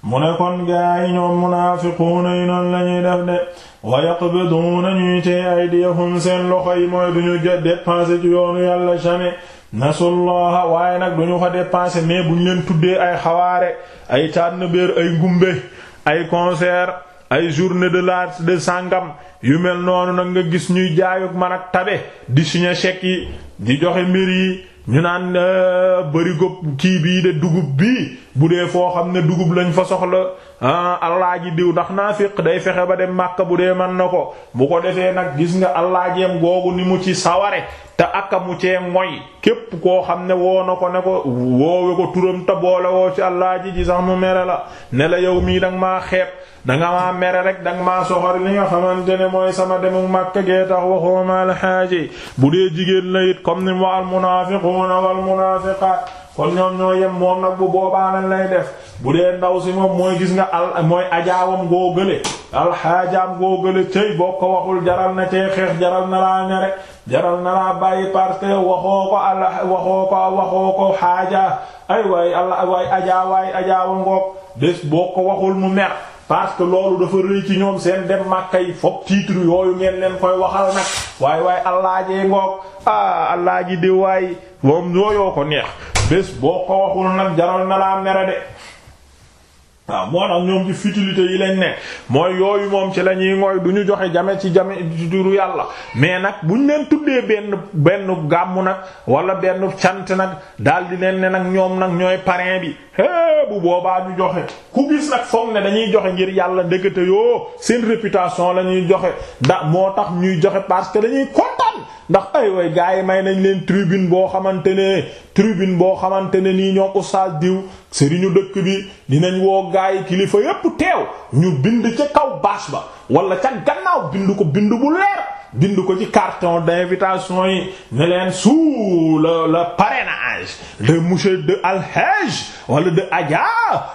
mu ne kon gaa yi ñoom munaafiquuna yi noonu la def de wa yaqbiduuna ñuy tee aydiyahum seen loxo yi mooy duñu jot dépenser ci yoonu yàlla jamais nasullaha waaye nag duñu ko dépenser mais buñ leen tuddee ay xawaare ay tànn béer ay ngumbe ay concert ay journée de l'art de sàngam yu mel noonu nag nga gis ñuy jaayuk man ak tabe di signer chèque yi di joxe mbir yi ñu naan euh, bërigo kii bii de dugub bii bu dee foo xam ne dugub lañ fa soxla ah, allaaji diw ndax naa naafiq day fexe ba dem màkka bu dee man na ko bu ko defee nag gis nga allaajeem googu ni mu ci saware te akamu cee moy képp koo xam ne woo na ko ne ko woowe ko turam te boole woo ci allah ji ji sax mu mere la ne la yow mii danga maa xeeb danga maa mere rek danga maa soxor li nga xamante ne mooy sama demu Makka gee tax waxuma alxaaji bu dee jigéen la it comme ni wa al munaafiquuna wal munaafiqaat kon ñoom ñoo yem moom nag bu boobaa lañ lay def bu dee ndaw si moom mooy gis nga al mooy ajaawam goo gële alxaajaam goo cëy boo ko waxul jaral na cee xeex jaral na laa ñare jaral na laa bàyyi parce waxoo ko al waxoo ko waxoo ko ngoog bés boo ko waxul mu mer parce que loolu ci ñoom seen dem màkka yi fokk titre yooyu ngeen leen waaye ah, moom yooyoo ko neex bés boo ko waxul nag jaral na laa mere de waaw moo tax ñoom ci futilité yi lañ ne mooy yooyu moom ci la ñuy ngooy du ñu joxe jame ci jame ci turu yàlla mais nag bu ñu leen tuddee benn benn gàmm nag wala benn cant nag daal di leen ne nag ñoom nag ñooy parrain bi é bu boobaa ñu joxe ku gis nag foog ne dañuy joxe ngir yàlla ndëgate yoo seen réputation la ñuy joxe ndax moo tax ñuy joxe parce que dañuy kontaan ndax ay way gars yi may nañ leen tribune boo xamante ne tribune boo xamante ne nii ñoom oustaz diw dëkk bi dinañ woo gaa yi kilifa yépp teew ñu bind ca kaw baas ba wala ca gannaaw bind ko bind bu leer bind ko ci carton d'invitation yi ne leen sous le le parrainage de monsieur de Alhaj wala de Adja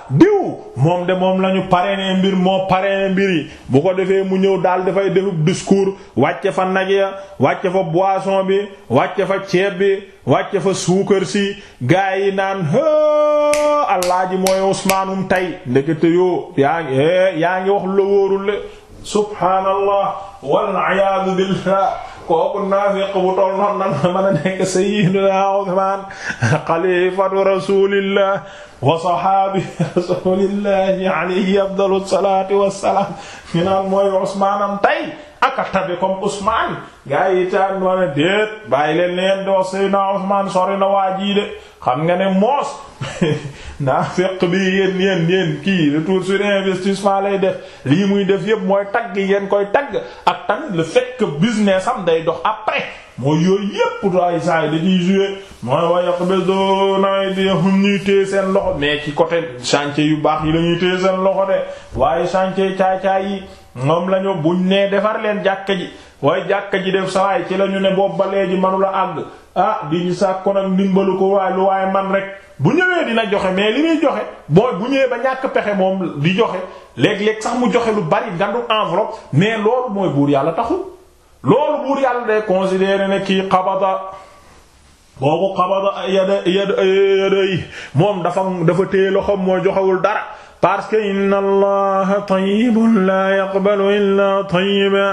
diw moom de moom lañu ñu mbir moo parrainé mbir yi bu ko defee mu ñëw daal dafay defub discours wàcce fa nag ya wàcce fa boisson bi wàcce fa ceeb bi wàcce fa suukar si gaa yi naan alaaji mooy Ousmane um tey ndekete yoo yaa ngi eh, yaa ngi wax lu subhaanallah wal iyaadu billah kooku naafiq bu toll noonu nan la mën a nekk sayyidina Usmaan xalifatu rasulillah wa sahaabi rasulillahi alayhi afdalu salaatu wassalaam ñu naan mooy Usmaanam tey aka tabe comme Ousmane gars yi itaan wana déet bàyyi leen leen di wax Seydina Ousmane sori na waa jii de xam nga ne moos naa fekk bi yéen yéen yéen kii retour sur investissement lay def lii muy def yëpp mooy tagg yéen koy tagg ak tamit le fait que business am day dox après mooy yooyu yëpp ay saa yi da ciy jouer mooy wa yaqbidu aydihum ñuy téye seen loxo mais ci côté chantier yu baax yi la ñuy téye seen loxo de waaye chantier caay-caay yi moom la ñu buñ nee defar leen jàkka ji waaye jàkka ji def sawaay ci la ñu ne boobu ba léegi manula àgg ah di ñu sàkkoon ak ndimbalu ko waaye lu waaye man rek bu ñëwee dina joxe mais li muy joxe booy bu ñëwee ba ñàkk pexe moom di joxe léeg-léeg sax mu joxe lu bari gandu enveloppe mais loolu mooy buur yàlla taxul loolu buur yàlla day considérer ne kii xabada boobu xabada yada ya yada yi moom dafa dafa téye loxoom mooy joxewul dara parce que inna allaha tayyibun la yaqbalu illa tayyiba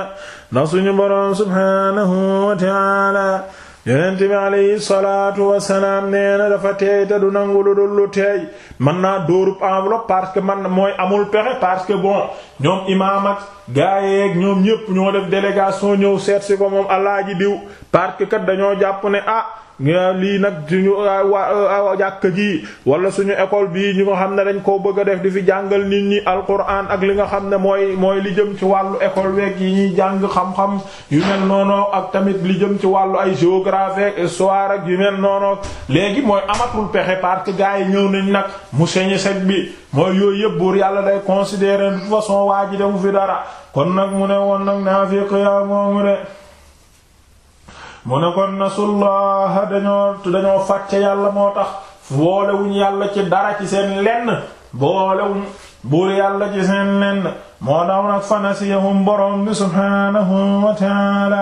ndax suñu boroom subhanahu wa ta'ala yonent bi salaatu wa salaam na dafa teey te du nangu lu dul teey mën naa dóorub enveloppe parce que man mooy amul pexe parce que bon ñoom imaam ak ñoom ñépp ñoo def délégation ñëw seet si ko moom alaaji diw parce que kat dañoo jàpp ne ah lii nag suñu ah, waa ah, ah, jàkk ji wala suñu école bii ñu nga xam ne dañ koo bëgg a def di fi jàngal nit ñi alquran ak li nga xam ne mooy mooy li jëm ci wàllu école week yi ñuy jàng xam-xam yu mel noonu ak tamit li jëm ci wàllu ay géographie ak histoire ak yu mel noonu léegi mooy amatul pexe parce que gars yi ñëw nañ nag mu señi sec bi mooy yooyu yëpp buur yàlla day considérer de toute façon waa ji fi dara kon nag mu ne woon nag naa fi xiyaa moomu mu ne kon nasullaha dañoo dañoo fàtte yàlla moo tax boolewuñ yàlla ci dara ci seen lenn boolewuñ buur yàlla ci seen lenn moo daaw nag fanasiyahum borom bi subhanahu wa taala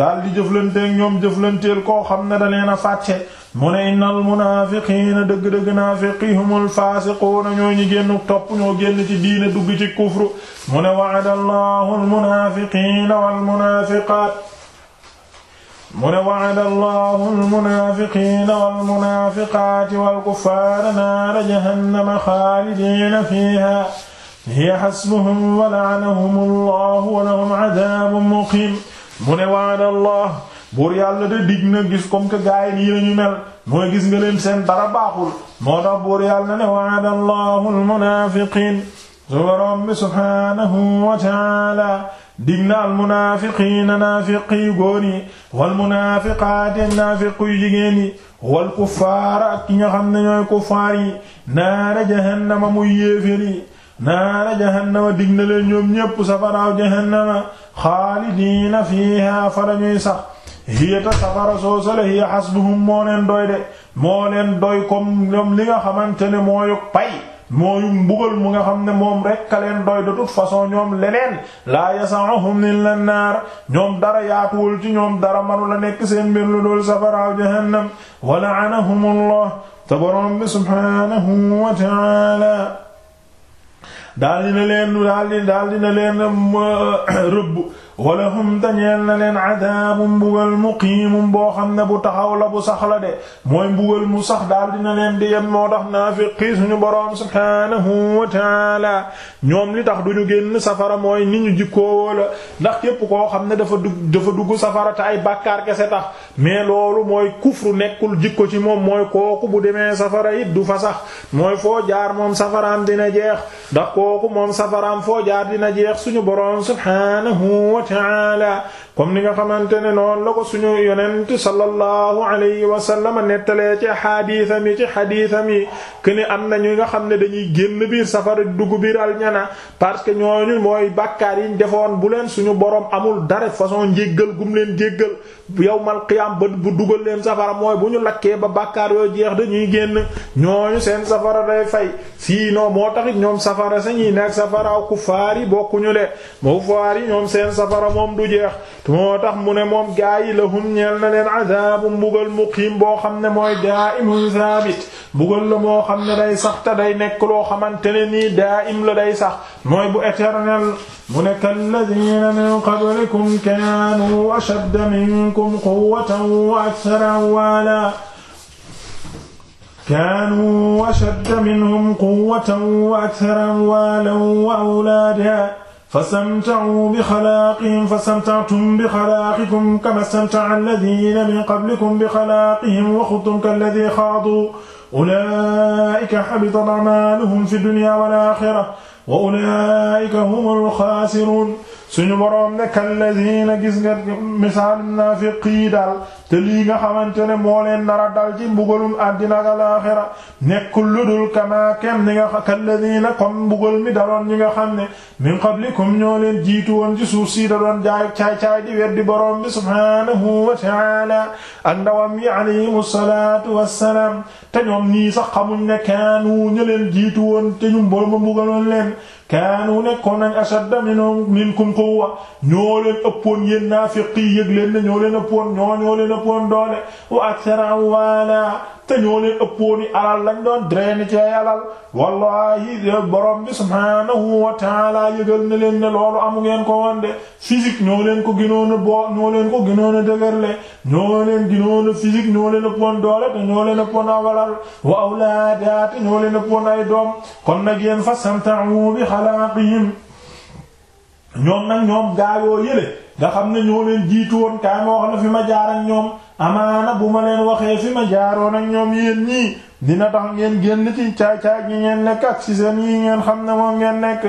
daal di jëflanteeg ñoom jëflanteel koo xam ne da leen a fàtte mu ne innal munaafiqiina dëgg-dëgg naafiqi humul faasiquuna ñoo ñu génn topp ñoo génn ci diine ci kufru mu ne allahu al munaafiqiina wal mu ne wa'ada allahu almunaafiqiina walmunaafiqaati walkuffaara naara jahannama xaalidiina fiihaa hiya xasbuhum wa la'anahum allahu wa lahum cadaabun muqiim mu ne wa'ada allah buur yàlla de dig na gis comme que gaay nii lañu mel mooy gis nga leen seen dara baaxul moo tax buur yàlla ne wa'ada allahu almunaafiqiin su boroom bi subhaanahu wa ta'aala dig na al munaafiqiina naafiq yu góor yi wal munaafiqaati naafiq yu jigéen yi wal kuffaara ak xam ne ñooy kuffaar yi naara jahannama muy yéefér yi naara jahannama dig na leen ñoom ñépp safaraaw jahannama xaalidiina fiihaa fa dañuy sax hiyata safara soosale hiya xasbuhum moo leen doy de moo doy comme ñoom li nga xamante ne mooy pay mooyu mbugal mu nga xam ne moom rekk a leen doy de toute façon ñoom leneen laa yasanuhum illa naar ñoom dara yaatuwul ci ñoom dara manu la nekk seen mbir lu dul safaraaw jahannam wa la'anahum allah te boroom bi subhanahu wa ta'ala daal dina leen daal dina leen euh, rëbb wala hum dañeel na leen adaabum mbugal muqiimum boo xam ne bu taxaw la bu sax la de mooy mbugal mu sax daal dina leen di yem moo tax naafiqi suñu boroom subhaanahu wa taala ñoom li tax duñu génn safara mooy ni ñu jikkoo la ndax képp koo xam ne dafa dugg dafa dugg safara te ay bàkkaar kese tax mais loolu mooy kufru nekkul jikko ci moom mooy kooku bu demee safara it du fa sax mooy foo jaar moom safaraam dina jeex ndax kooku moom safaraam foo jaar dina jeex suñu boroom ta'ala comme ni nga xamante ne noonu la ko suñu yonent sallallahu alayhi wa sallam nettalee ci xadiisam yi ci xadiisam yi këne am na ñu nga xam ne dañuy génn biir safara dugg biir aljana parce que ñooñu mooy bàkkaar yiñ defoon bu leen suñu borom amul dara façon njéggal gum leen jéggal yawmal qiyaam ba bu dugal leen safara mooy bu ñu lakkee ba bàkkaar yoo jeex dañuy génn ñooñu seen safara day fay noo moo taxit ñoom safara sañuy nekk safara ku faar yi bokkuñu de mu faar ñoom seen safara moom du jeex moo tax mu ne moom gaa yi lahum ñeel na leen azaabu mbugal muqiim boo xam ne mooy daa'imun saabit mbugal la moo xam ne day sax te day nekk loo xamante ne nii daa'im la day sax mooy bu éternel mu ne kalladiina min qablikum kaanu ashadda minkum quwwatan wa akthara amwaalan kaanu ashadda minhum quwwatan wa akthara amwaalan wa awlaadan fastamta'uu bi xalaaqihim fastamta'tum bi xalaaqikum kamaa stamta'a allaziina min qablikum bi xalaaqihim wa xudtum kallazii xaaduu ulaa'ika habitat a'maaluhum fid dunyaa wal aaxira wa ulaa'ika humul xaasiruun suñu boroom ne kalladiina gis nga misaal naafiqi daal te lii nga xamante ne moo leen nara dal ci mbugalum àddina ak alaaxira nekkul lu dul kamaa kem ni nga kalladiina mi daloon ñi nga xam ne min qablikum ñoo leen jiitu woon ci suuf si da doon jaay caay caay di weddi boroom bi subhaanahu wa ta'aala ak ndawam yi alayhimu salaatu wassalaam te ñoom nii sax xamuñ ne kaanu ñu leen jiitu woon te ñu mbool ma mbugaloon leen kaanu nekkoon nañ ashadda minhum minkum quwwa ñoo leen ëppoon yéen naafiqi yëg leen ne ñoo leen ëppoon ñoo ñoo leen ëppoon doole wa akthara amwaala te ñoo leen ëppooni alal lañ doon drainer ci ay alal wallahi borom bi subhanahu wa yëgal na leen ne loolu amu ngeen ko woon de physique leen ko gënoon a boo ñoo leen ko gënoon a dëgërle ñoo leen gënoon a physique ñoo leen te ñoo leen ëppoon awalal wa awlaada te ñoo leen ëppoon ay doom kon nag yéen fasamta'u bi xalaaqihim ñoom nag ñoom gaayoo yële nga xam ne ñoo leen jiitu woon na fi ma jaar ñoom amaana bu ma leen waxee fi ma jaaroon ak ñoom yéen ñii dina tax ngeen génn ci caay-caay gi ngeen nekk ak ci seen ngeen xam ne moom ngeen nekk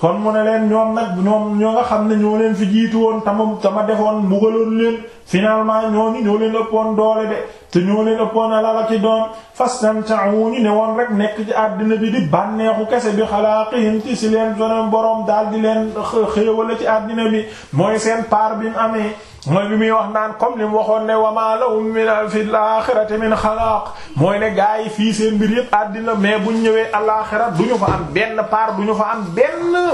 kon mu ne leen ñoom nag ñoom ñoo nga xam ne ñoo leen fi jiitu woon tamam tama defoon mbugaloon leen finalement ñooñu ñoo leen ëppoon doole de te ñoo leen ëppoon alal ci doom fastantahu ñu ne woon rek nekk ci àddina bi di bànneexu kese bi xalaaqihim ci si leen soneen boroom daal di leen xéewale ci àddina bi mooy seen paar bi mu amee mooy bi muy wax naan comme li mu waxoon ne wama lahum min fil axirati min xalaaq mooy ne gaa yi fii seen mbir yëpp àddina mais buñ ñëwee alaaxira du ñu benn paar du ñu fa am benn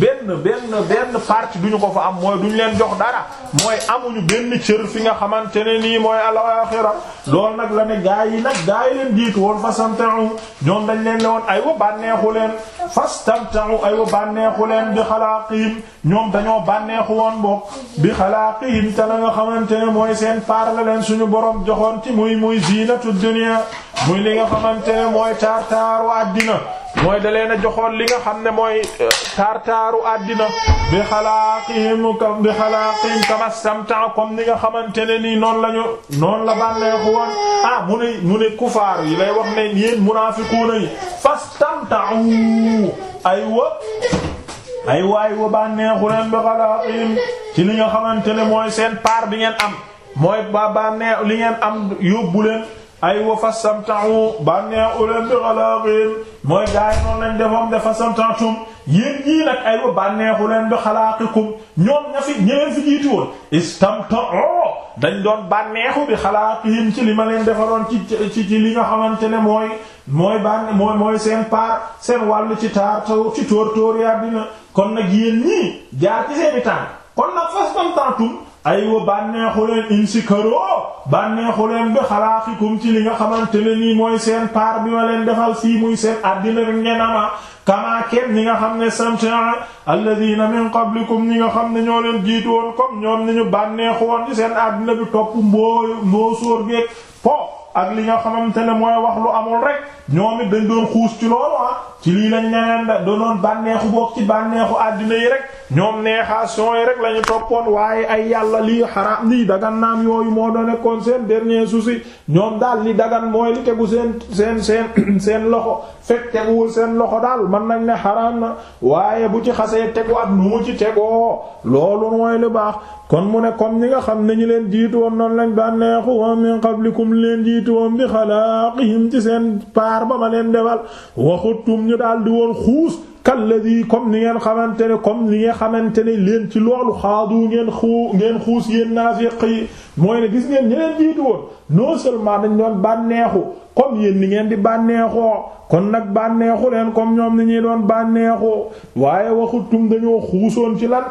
benn benn benn du ñu ko fa am mooy duñu leen jox dara mooy amuñu benn cër fi nga xamante ne nii mooy alaaxira lool nag la ne gaa yi nag gaa yi leen jiitu woon fastamta'u ñoom dañ leen ne ay aywa bànneexu leen fa fastamta'u aywa bànneexu leen bi xalaaqihim ñoom dañoo bànneexu woon bopp bi xalaaqihim te la nga xamante ne mooy seen paar la leen suñu borom joxoon ti muy muy ziinatu dunya muy li nga xamante ne mooy taar taaru àddina mooy da leen a joxoon li nga xam ne mooy euh, tartaaru àddina bi xalaaqihim kam bi xalaaqihim kama samta nga xamante ne nii noonu la ñu noonu la bànneexu woon ah mu ne kufaar yi lay wax ne yéen munaafiquuna yi fastamta'u aywa aywa aywa bànneexu leen bi xalaaqihim ci li nga xamante ne mooy seen part bi ngeen am mooy ba bànneex li ngeen am yóbbu leen ay wa fasamta'u bànneexu leen bi xalaaqin mooy gaay noonu lañ defoon de fasamta'tum yéen ñii nag ay wa bànneexu leen bi xalaaqikum ñoom ña fi ñeen fi jiitu to istamta'u dañ doon bànneexu bi xalaaqihim ci li ma leen defaroon ci ci ci li nga xamante ne mooy mooy bànne mooy mooy seen paar seen wàllu ci taar ta tóor tóor yaa dina kon nag yéen ñii jaar ci seeni tànk kon nag fasamta'tum ay aywa bànneexu leen insikaroo bànneexu leen bi xalaaxikum ci li nga xamante ne nii mooy seen paar bi ma leen defal fii muy seen àddina rek ngeen ama kamaa kenn ñi nga xam ne samtia alladina min qablikum ñi nga xam ne ñoo leen jiitu woon comme ñoom ni ñu bànneexu woon ci seen àddina bi topp mboo mboo sóor geeg po ak li nga xamante ne mooy wax lu amul rek ñoom it dañ doon xuus ci loolu ah ci lii lañ ñeneen da doonoon bànneexu bokk ci bànneexu àddina yi rek ñoom neexation yi rek la toppoon waaye ay yàlla lii xaraam nii dagan naam yooyu moo doon nekkoon seen dernier souci ñoom daal li dagan mooy li tegu seen seen seen seen loxo fekk teguwul seen loxo daal man nañ ne xaraam na waaye bu ci xasee tegu ak nu mu ci tegoo loolu mooy lu baax kon mu ne comme ñi nga xam ne ñi leen jiitu woon noonu lañ bànneexu wa min qablikum leen jiitu woon bi xalaaqihim ci seen paar ba ma leen defal waxutum ñu daal di woon xuus kalladi comme ni ngeen xamante ne comme ni nga xamante ne leen ci loolu xaadu ngeen xuu ngeen xuus yéen naa yi mooy ne gis ngeen ñi leen jiitu woon non seulement dañ doon bànneexu comme yéen ni ngeen di bànneexoo kon nag bànneexu leen comme ñoom ni ñuy doon bànneexoo waaye waxutum dañoo xuusoon ci lan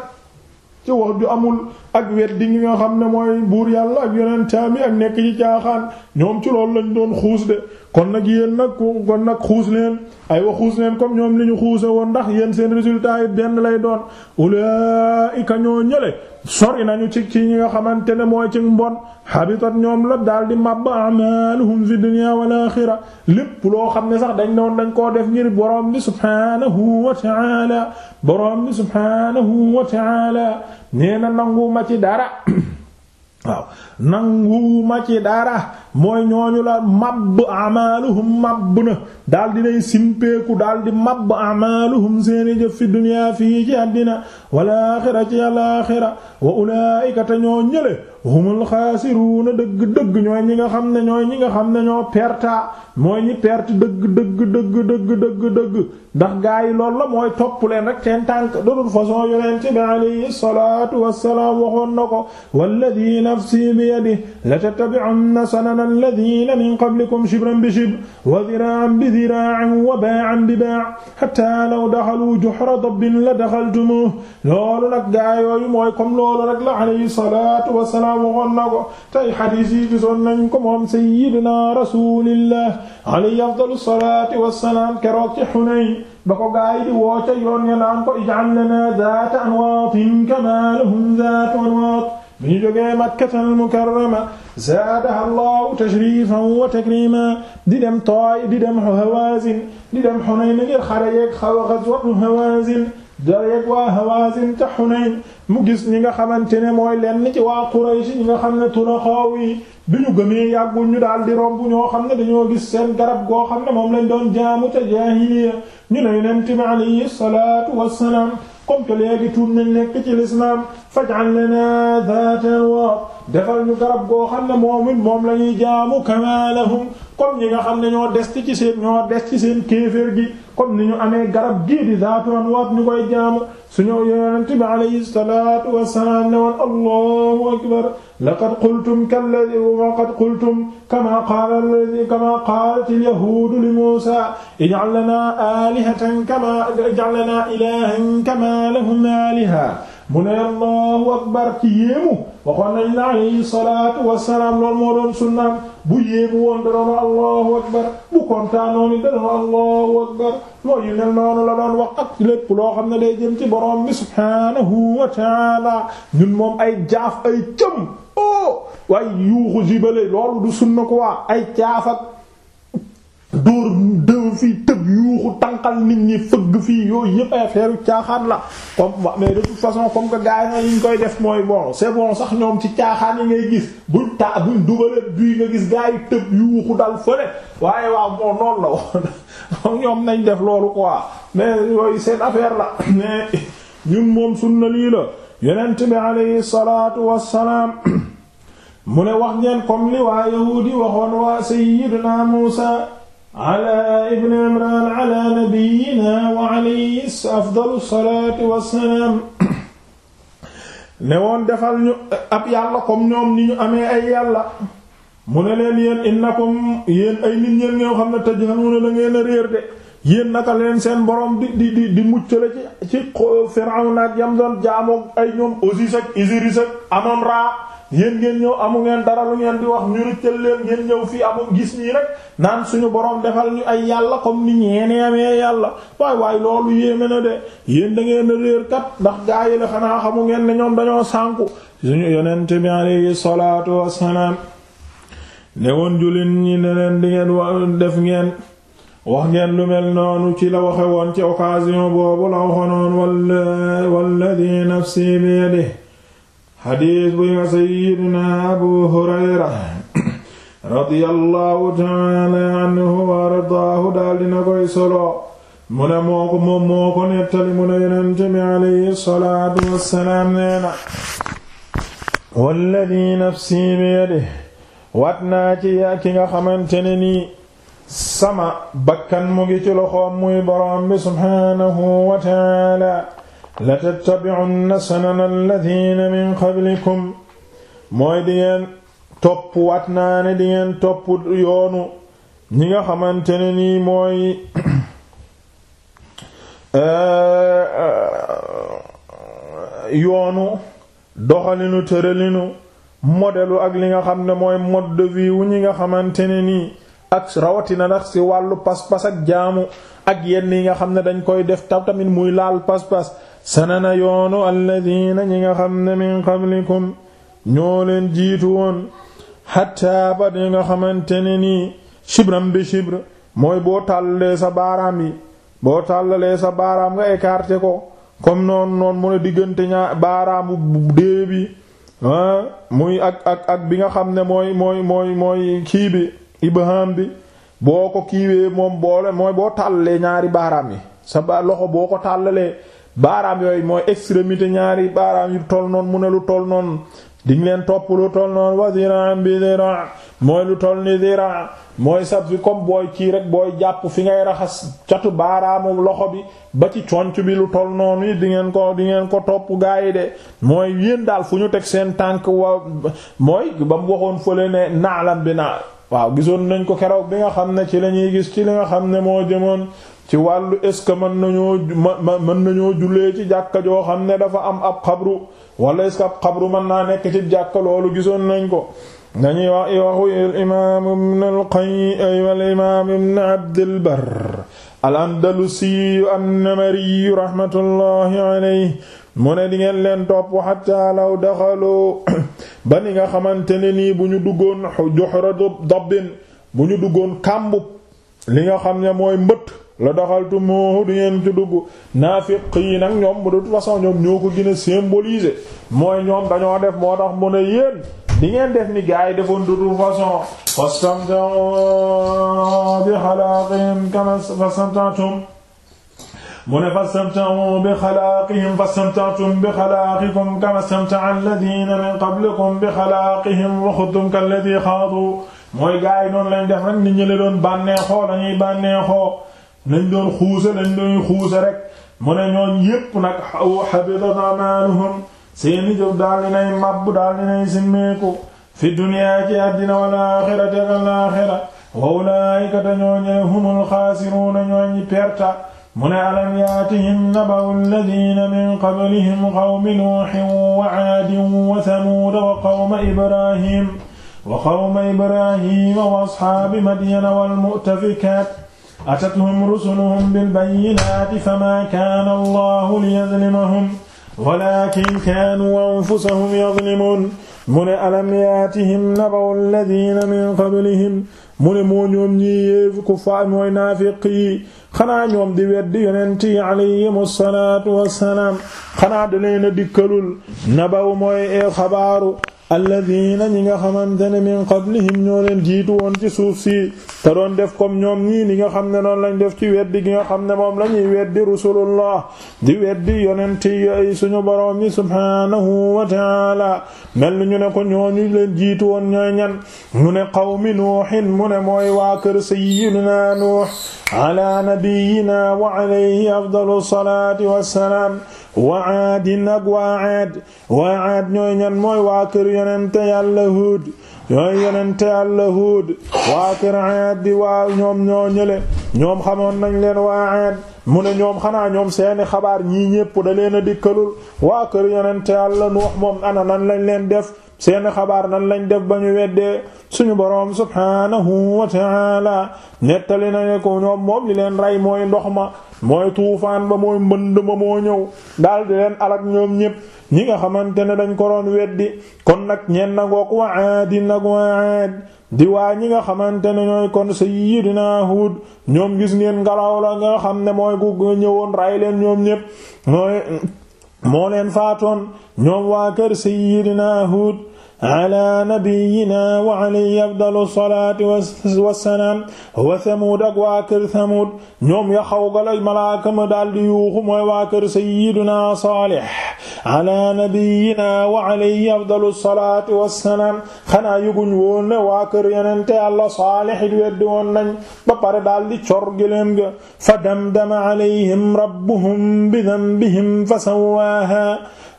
ci wax ju amul ak wet di nga xam ne mooy buur yàlla ak yonentaam yi ak nekk ci caaxaan ñoom ci loolu lañ doon xuus de kon nag yéen nag ko nag xuus leen ay wa xuus leen comme ñoom li ñu xuuse woon ndax yéen seen résultat yi benn lay doon ulaika ñoo ñële sori nañu ci ci ñi nga xamante ne mooy ci mbon habitat ñoom la daal di màbb amaluhum fi dunya wal axira lépp loo xam ne sax dañ doon dañ koo def ngir borom bi subhanahu wa ta'ala borom bi subhanahu wa ta'ala nee nangu ma ci dara waaw nanguwuma ci dara mooy ñooñu la mabb amaaluhum mabb na daal dinay simpeeku daal di mabb amaaluhum seeni jëf fi duniyaa fii ci àddina wal aaxira ci al aaxira wa ulaa'ika te ñoo ñële humul xaasiruuna dëgg dëgg ñooy ñi nga xam ne ñooy ñi nga xam ne ñoo perta mooy ñi perte dëgg dëgg dëgg dëgg dëgg dëgg ndax gaa yi loolu la mooy topp leen rek seen tànk de toute façon yonent bi alayhi salaatu wassalaam waxoon na ko walladi nafsi biyadihi latattabi'unna sanana alladhina min qablikum shibran bi shibrin wa dhira'an bi dhira'in wa baa'an bi baa'in hatta law dakhalu juhra dabbin la dakhaltumuh loolu nag gaa yooyu mooy comme loolu rek la alayhi salaatu wa salaam waxoon na ko tey hadiis yi gisoon nañ ko moom sayyidina rasulillah alayhi afdalu salaati wa salaam keroog ci Hunayn ba ko gaa yi di woo ca yoon ya naan ko ij'al lana zaata anwaatin kamaa lahum zaatu anwaat bi ñu jógee makkatal mukarrama zaadaha allahu tashrifan wa takrima di dem tooy di dem hawazin di dem xunayn ngir xare yeeg xaw ghazwatu hawazin dareeg waa hawazin te xunayn mu gis ñi nga xamante ne mooy lenn ci waa quraysh ñi nga xam ne tulaxaaw yi bi ñu gëmee yàggul ñu daal di romb ñoo xam ne dañoo gis seen garab goo xam ne moom lañ doon jaamu ca jaahiliya ñu ne yonent bi alayhi salaatu wassalaam comme que léegi tuub nañ nekk ci lislaam faj'al lana zaatan wa defal ñu garab goo xam ne moom it moom la ñuy jaamu kama lahum comme ñi nga xam ne ñoo des ci seen ñoo des ci seen kéeféer gi comme ni ñu amee garab gii di zaatu anwaat ñu koy jaamu suñu yonent bi alayhi salaatu wassalaam ne woon allahu akbar laqad qultum kalladhi wa qad qultum kama qaala alladhi kama qaalat alyahuudu li muusaa ij'al lanaa aalihatan kama ij'al lanaa ilaahan kama lahum aaliha mu ne allahu akbar ci yéemu waxoon nañ la alayhi salaatu wassalaam loolu moo doon sunnaam bu yéemu woon da doon allahu akbar bu kontaanoon it da doon allahu akbar loolu yu mel noonu la doon wax ak lépp loo xam ne day jëm ci borom bi subhaanahu wa taala ñun moom ay jaaf ay cëm oh waaye yuuxu jibale loolu du sunna quoi ay jaaf ak dóor dëw fi tëb yuuxu tànqal nit ñi fëgg fii yooyu yëpp ay affaire la comme mais de toute façon comme que gars yi ñu koy def mooy bon c'est bon sax ñoom ci caaxaan yi ngay gis buñ taa buñ dugalee bii nga gis gars yi tëb yuuxu dal fële waaye waaw bon noonu la woon ñoom nañ def loolu quoi mais yooyu seen affaire la mais ñun moom na lii la yonent bi alayhi salaatu wassalaam mu ne wax ngeen comme li waa yahuudi waxoon waa sayyidina Muusaa ala ibni imran ala nabiyina wa alayhi afdalu salaatu wassalaam ne woon defal ñu ab yàlla comme ñoom ni ñu amee ay yàlla mu ne leen yéen innakum yéen ay nit ñeen ñoo xam ne tajhaluuna da ngeen a réer de yéen naka leen seen borom di di di di muccale ci ci Firawna ak yam doon jaamook ay ñoom Osiris ak Isiris ak Amon Ra yéen ngeen ñëw amu ngeen dara lu ngeen di wax ñu rëccal leen ngeen ñëw fii amu gis nii rek naan suñu borom defal ñu ay yàlla comme ni ñeene yàlla waay waay loolu yéeme na de yéen da ngeen a réer kat ndax gaa yi la xanaa xamu ngeen ne ñoom dañoo sànku suñu yonent bi alayhi salaatu wassalaam ne woon julin ñi ne leen di ngeen def ngeen wax ngeen lu mel noonu ci la waxe woon ci occasion boobu la waxoon woon walladi nafsi bi yadihi xadiis buy wax sayyidina abu hurayra radiyallahu taala anhu wa ardaahu daal dina koy solo mu ne moo ko nettali mu ne yonent bi alayhi salaatu wassalaam nee na walladi nafsi bi yadihi wat naa nga xamante ne nii sama bakkan mu ngi ci loxoom muy boroom bi subhaanahu wa la tattabi'unna sanana alladhina min qablikum mooy di ngeen topp waat naa ne di ngeen topp yoonu ñi nga xamante ne nii mooy euh, yoonu doxalinu tëralinu modelu ak li nga xam ne mooy mode de wu ñi nga xamante ne nii ak rawatina nag si wàllu pas-pas ak jaamu ak yenn yi nga xam ne dañ koy def tam tamit muy laal pas-pas sanana yoonu alladina ñi nga xam ne xam ni qablikum ñoo leen jiitu woon xatta ba di nga xamante ne nii shibram bi shibr mooy boo tàllalee sa baaraam yi boo tàllalee sa baaraam nga écarté ko comme noonu noonu mu ne diggante ñaa baaraamu dee bi ah, muy ak ak ak bi nga xam ne mooy mooy mooy mooy kii bi ibham bi boo ko kiiwee moom boole mooy boo tàllalee ñaari baaraam yi sa ba loxo boo ko tàllalee baaraam yooyu mooy extrémité ñaari baaraam yu toll noonu mu ne lu toll noonu di leen topp lu toll noonu wa ziraan bi ziraan mooy lu toll ni ziraan mooy sab fi comme booy ci rek booy jàpp fi ngay raxas catu baaraamu loxo bi ba ci conc bi lu toll noonu yi di ngeen ko di ngeen ko topp gaa yi de mooy yéen daal fu ñu teg seen tànk wa mooy ba mu waxoon fële ne naalam bi naa waaw gisoon nañ ko keroog bi nga xam ne ci la ñuy gis ci li nga xam ne moo jëmoon ci wàllu est-ce que mën nañoo mën nañoo jullee ci jàkka joo xam ne dafa am ab xabru wala est-ce que ab xabru mën naa nekk ci jàkka loolu gisoon nañ ko dañuy wax i waxu al imaam ibn al qayyim al imaam ibn abd al barr al andalusi an-namari rahmatullahi alayhi mu ne di ngeen leen topp hatta law daxalu ba ni nga xamante ne nii bu ñu duggoon juhra dabbin bu ñu duggoon kàmbu li nga xam ne mooy mbëtt la daxaltu moohu di ngeen ci dugg naafiq yi nag ñoom bu de façon ñoom ñoo ko gën a symboliser mooy ñoom dañoo def moo tax mu ne yéen di ngeen def ni gars yi defoon de toute façon fastamta'u bi xalaaqihim kama fastamta'tum mu ne fastamta'u bi xalaaqihim fastamta'tum bi xalaaqikum kama istamta'a alladhina min qablikum bi xalaaqihim wa khudtum kalladhi xaadu mooy gars yi noonu lañ def rek nit ñi la doon bànneexoo lañuy bànneexoo nañ doon xuuse nañ doon xuuse rek mu ne ñooñ yépp nag habita amaluhum seeni jëf daal dinay màbb daal dinay simmeeku fi duniyaa ci àddina wal aaxirati ak al aaxira wa ulaayika te ñooñee humul xaasiruuna ñooñi perta mu ne alam yaatihim nabawu alladina min qablihim qawmi nuuhin wa aadin wa samuuda wa qawma ibrahim wa qawma ibrahima wa ashaabi madyana wal mu'tafikaat atatuhum rusuluhum bilbayyinaati famaa kaana allahu liyadlimahum walaakin kaanuu anfusahum yadlimuun mu ne alam yaatihim nabawu alladina min qablihim mu ne moo ñoom ñii yéefu ku fa mooy naafiq yi xanaa ñoom di weddi yonent yi alayhim alsalaatu wassalaam xanaa da leen a dikkalul nabaw mooy xabaaru alladina ñi nga xamante ne min qablihim ñoo leen jiitu woon ci suuf si te doon def comme ñoom ñii li nga xam ne noonu lañ def ci weddi gi nga xam ne moom la ñuy weddi rusulullah di weddi yonent yi suñu boroom yi subhanahu wa taala mel ni ñu ne ko ñooñu leen jiitu woon ñooy ñan mu ne qawmi nuuhin mu ne mooy waa kër sayyidina nuuh ala nabiyina wa alayhi afdalu salaati wassalaam wa aadin ak waa aad waa aad ñooy ñan mooy waa kër yonente yàlla Huud ñooy yonente yàlla Huud waa kër aad di ñoom ñoo ñële ñoom xamoon nañ leen waa aad mu ne ñoom xanaa ñoom seeni xabaar ñii ñépp da leen a dikkalul waa kër yonente yàlla nu wax moom ana nan lañ leen def seeni xabaar nan lañ def ba ñu weddee suñu boroom subhaanahu wa ta'ala nettali na ne ko ñoom moom li leen rey mooy ndox ma mooy tuufaan ba mooy mbënd ma moo ñëw daal di leen alak ñoom ñépp ñi nga xamante ne dañ ko doon weddi kon nag ñeen na ngoog wa aadin ak di waa ñi nga xamante ne ñooy kon sayyidina Hud ñoom gis ngeen ngelaw la nga xam ne mooy ku ñëwoon ray leen ñoom ñépp mooy moo leen faatoon ñoom waa kër sayyidina Hud ala nabiyyina wa alayhi afdalu salaati wassalaam wa Samuud ak waa kër Samuud ñoom ya xaw galay malaaka ma daldi yuuxu mooy waa kër sayyidina Saalih ala nabiyyina wa alayhi afdalu salaati wassalaam xanaa yëguñ woon ne waa kër yonent Yàlla Saalih it weddi woon nañ ba pare daldi cor gëléem ga fa damdama alayhim rabbuhum bi dambihim fa sawwaahaa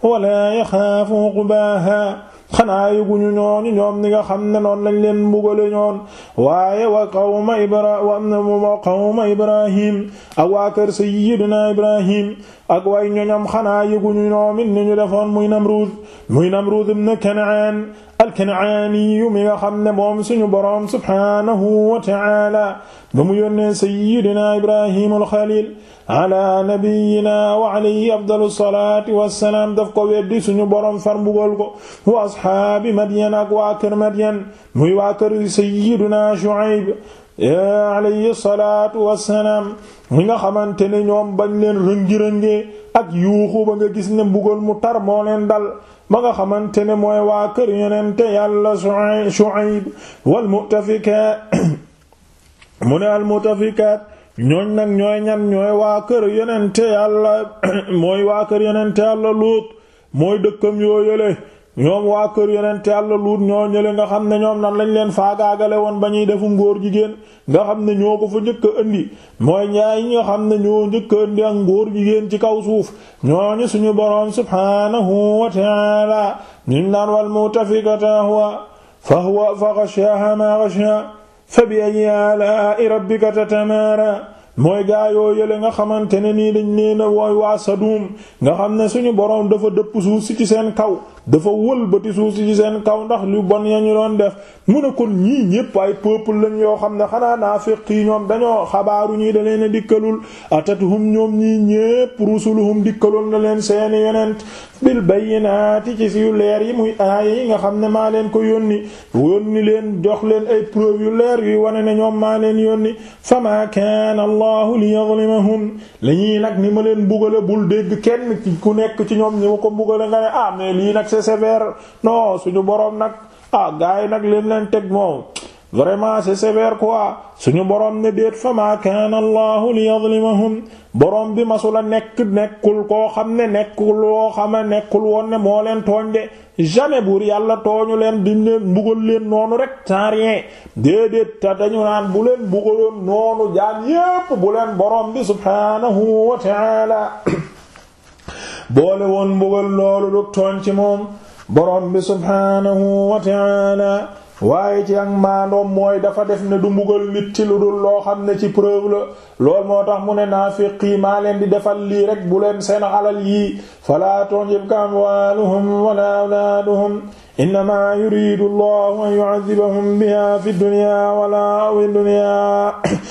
wa laa yaxaafu uqbaahaa xanaa yëguñu ñooñu ñoom ni nga xam ne noonu lañ leen mbugale ñoon waaye wa qawma ibra wa qawma ibrahim ak waa kër sayyidina ibrahim ak way ñoñam xanaa yëguñu ñoom it ñu defoon muy namruud muy namruud ibn kanaan alkanaaniyu mi nga xam ne moom suñu boroom subhaanahu wa ta'ala ba mu yónnee sayyidina ibrahima alxalil ala nabiyina wa alayhi afdalu salaati wassalaam daf ko weddi suñu boroom far mbugal ko wa ashaabi madyan ak waa kër madyan muy waa kër sayyidina shu'ayb alayhi salaatu wassalaam mi nga xamante ne ñoom bañ leen rëngi-rëngee gis ne mu tar moo dal ma nga xamante ne mooy waa kër yonente yàlla Shuayb wal mutafikaat mu ne al mutafikaat ñooñ nag ñooy ñan ñooy waa kër yonente yàlla mooy waa kër yonente yàlla Luut mooy dëkkam yoo ñoom waa kër yonent yàlla luut ñoo ñële nga xam ne ñoom nan lañ leen faagaagale woon ba ñuy defum ngóor jigéen nga xam ne ñoo ko fa njëkk a indi mooy ñaay ñi nga xam ne ñoo njëkk a indi ak ngóor jigéen ci kaw suuf ñooñu suñu boroom subhaanahu wa ta'ala ñu naan wal mutafikata ahwa fa huwa fa ghashaha ma ghasha fa bi ayyi ala'i rabbika tatamara mooy gaa yoo yële nga xamante ne nii dañ nee na wooy waa Sadum nga xam ne suñu boroom dafa dëpp suuf si ci seen kaw dafa wëlbati suuf si ci seen kaw ndax lu bon ya ñu doon def mu ne ko ñii ñépp ay peuple lañ yoo xam ne xanaa naafiq yi ñoom dañoo xabaaru ñii da leen a dikkalul atatuhum ñoom ñii ñépp rusuluhum dikkalul na leen seeni yonent bil bayyinaati ci yu leer yi muy aaya yi nga xam ne maa leen ko yónni yónni leen jox leen ay preuve yu leer yuy wane ne ñoom maa leen yónni fama kaana allahu li yadlimahum lañuy nag ni ma leen bugale bul dégg kenn ku nekk ci ñoom c'est sévère non suñu borom nag ah gars yi nag leen leen teg moom vraiment c'est sévère quoi suñu borom ne déet fa ma kaana allahu li yadlimahum borom bi masula nekk nekkul koo xam ne nekkul loo xama nekkul woon ne moo leen tooñ de jamais buur yàlla tooñu leen dim leen mbugal leen noonu rek sans rien déedéet te dañu naan bu leen mbugaloon noonu jaan yépp bu leen borom bi subhanahu wa ta'ala boole woon mbugal loolu du ci moom borom bi subhaanahu wa ta'ala waaye ci ak maandoom mooy dafa def ne du mbugal nit ci lu dul loo xam ne ci preuve lool moo tax mu ne naafiq yi maa leen di defal lii rek bu leen seen alal yi falaa tu'jibka amwaaluhum walaa awlaaduhum innamaa yuriidu allahu an yu'adhibahum bihaa fi dunya wala fi dunya